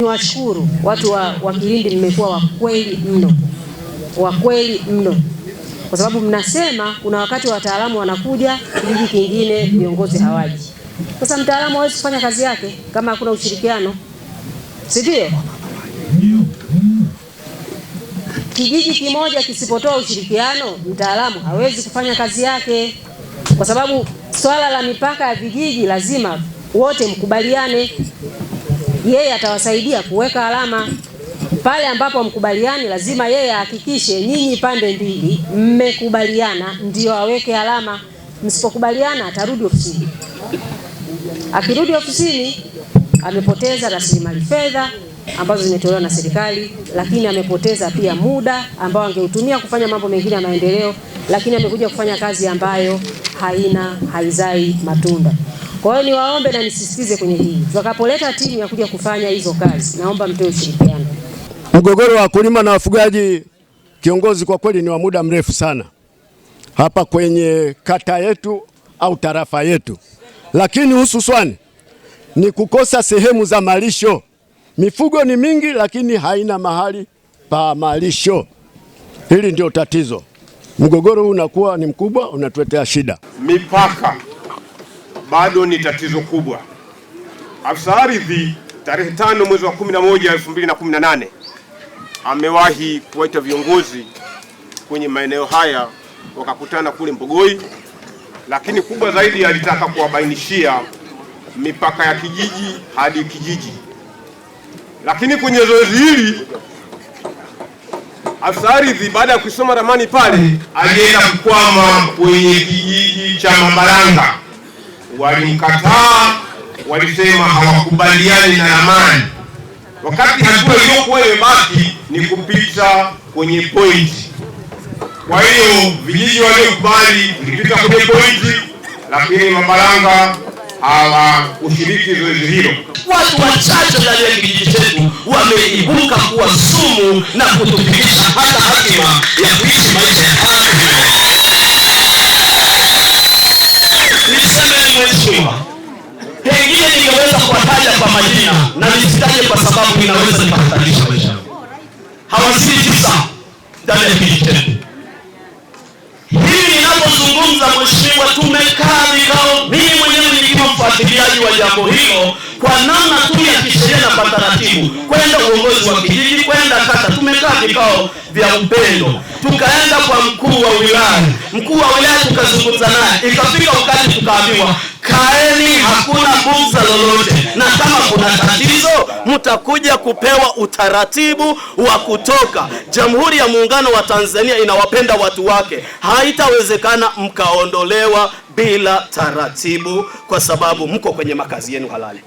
Niwashukuru watu wa, wa Kilindi, mmekuwa kweli mno, wakweli mno, kwa sababu mnasema kuna wakati wataalamu wanakuja kijiji kingine, viongozi hawaji. Sasa mtaalamu hawezi kufanya kazi yake kama hakuna ushirikiano, si ndio? Kijiji kimoja kisipotoa ushirikiano, mtaalamu hawezi kufanya kazi yake, kwa sababu swala la mipaka ya vijiji lazima wote mkubaliane yeye atawasaidia kuweka alama pale ambapo mkubaliani, lazima yeye ahakikishe nyinyi pande mbili mmekubaliana, ndio aweke alama. Msipokubaliana atarudi ofisini. Akirudi ofisini, amepoteza rasilimali fedha ambazo zimetolewa na serikali, lakini amepoteza pia muda ambao angeutumia kufanya mambo mengine ya maendeleo, lakini amekuja kufanya kazi ambayo haina haizai matunda. Kwa hiyo niwaombe na nisisitize kwenye hii, wakapoleta timu ya kuja kufanya hizo kazi, naomba mtoe ushirikiano. Mgogoro wa wakulima na wafugaji, kiongozi, kwa kweli ni wa muda mrefu sana hapa kwenye kata yetu au tarafa yetu, lakini hususwani ni kukosa sehemu za malisho. Mifugo ni mingi, lakini haina mahali pa malisho. Hili ndio tatizo. Mgogoro huu unakuwa ni mkubwa, unatuletea shida mipaka bado ni tatizo kubwa. Afisa ardhi tarehe tano mwezi wa 11 2018 amewahi kuwaita viongozi kwenye maeneo haya wakakutana kule Mbogoi, lakini kubwa zaidi alitaka kuwabainishia mipaka ya kijiji hadi kijiji. Lakini kwenye zoezi hili afisa ardhi baada ya kusoma ramani pale alienda kukwama kwenye kijiji cha Mabaranga walimkataa, walisema hawakubaliani na amani, wakati hatua iliyokuwa imebaki ni kupita kwenye pointi. Kwa hiyo vijiji waliokubali vilipita kwenye pointi, lakini mabaranga hawakushiriki zoezi hilo. Watu wachache ndani ya kijiji chetu wameibuka kuwa sumu na kutupitisha hata hatima ya kuishi maisha sababu inaweza ikahatarisha maisha yao. Hawazidi tisa ndani ya kijitengo hili. Ninapozungumza mheshimiwa, tumekaa vikao, mimi mwenyewe nilikuwa mfuatiliaji wa jambo hilo kwa namna tu ya kisheria na kwa taratibu, kwenda uongozi wa kijiji, kwenda kata, tumekaa vikao vya upendo, tukaenda kwa mkuu wa wilaya. Mkuu wa wilaya tukazungumza naye, ikafika wakati tukaambiwa kaeni hakuna bugza lolote, na kama kuna tatizo mtakuja kupewa utaratibu wa kutoka. Jamhuri ya Muungano wa Tanzania inawapenda watu wake, haitawezekana mkaondolewa bila taratibu, kwa sababu mko kwenye makazi yenu halali.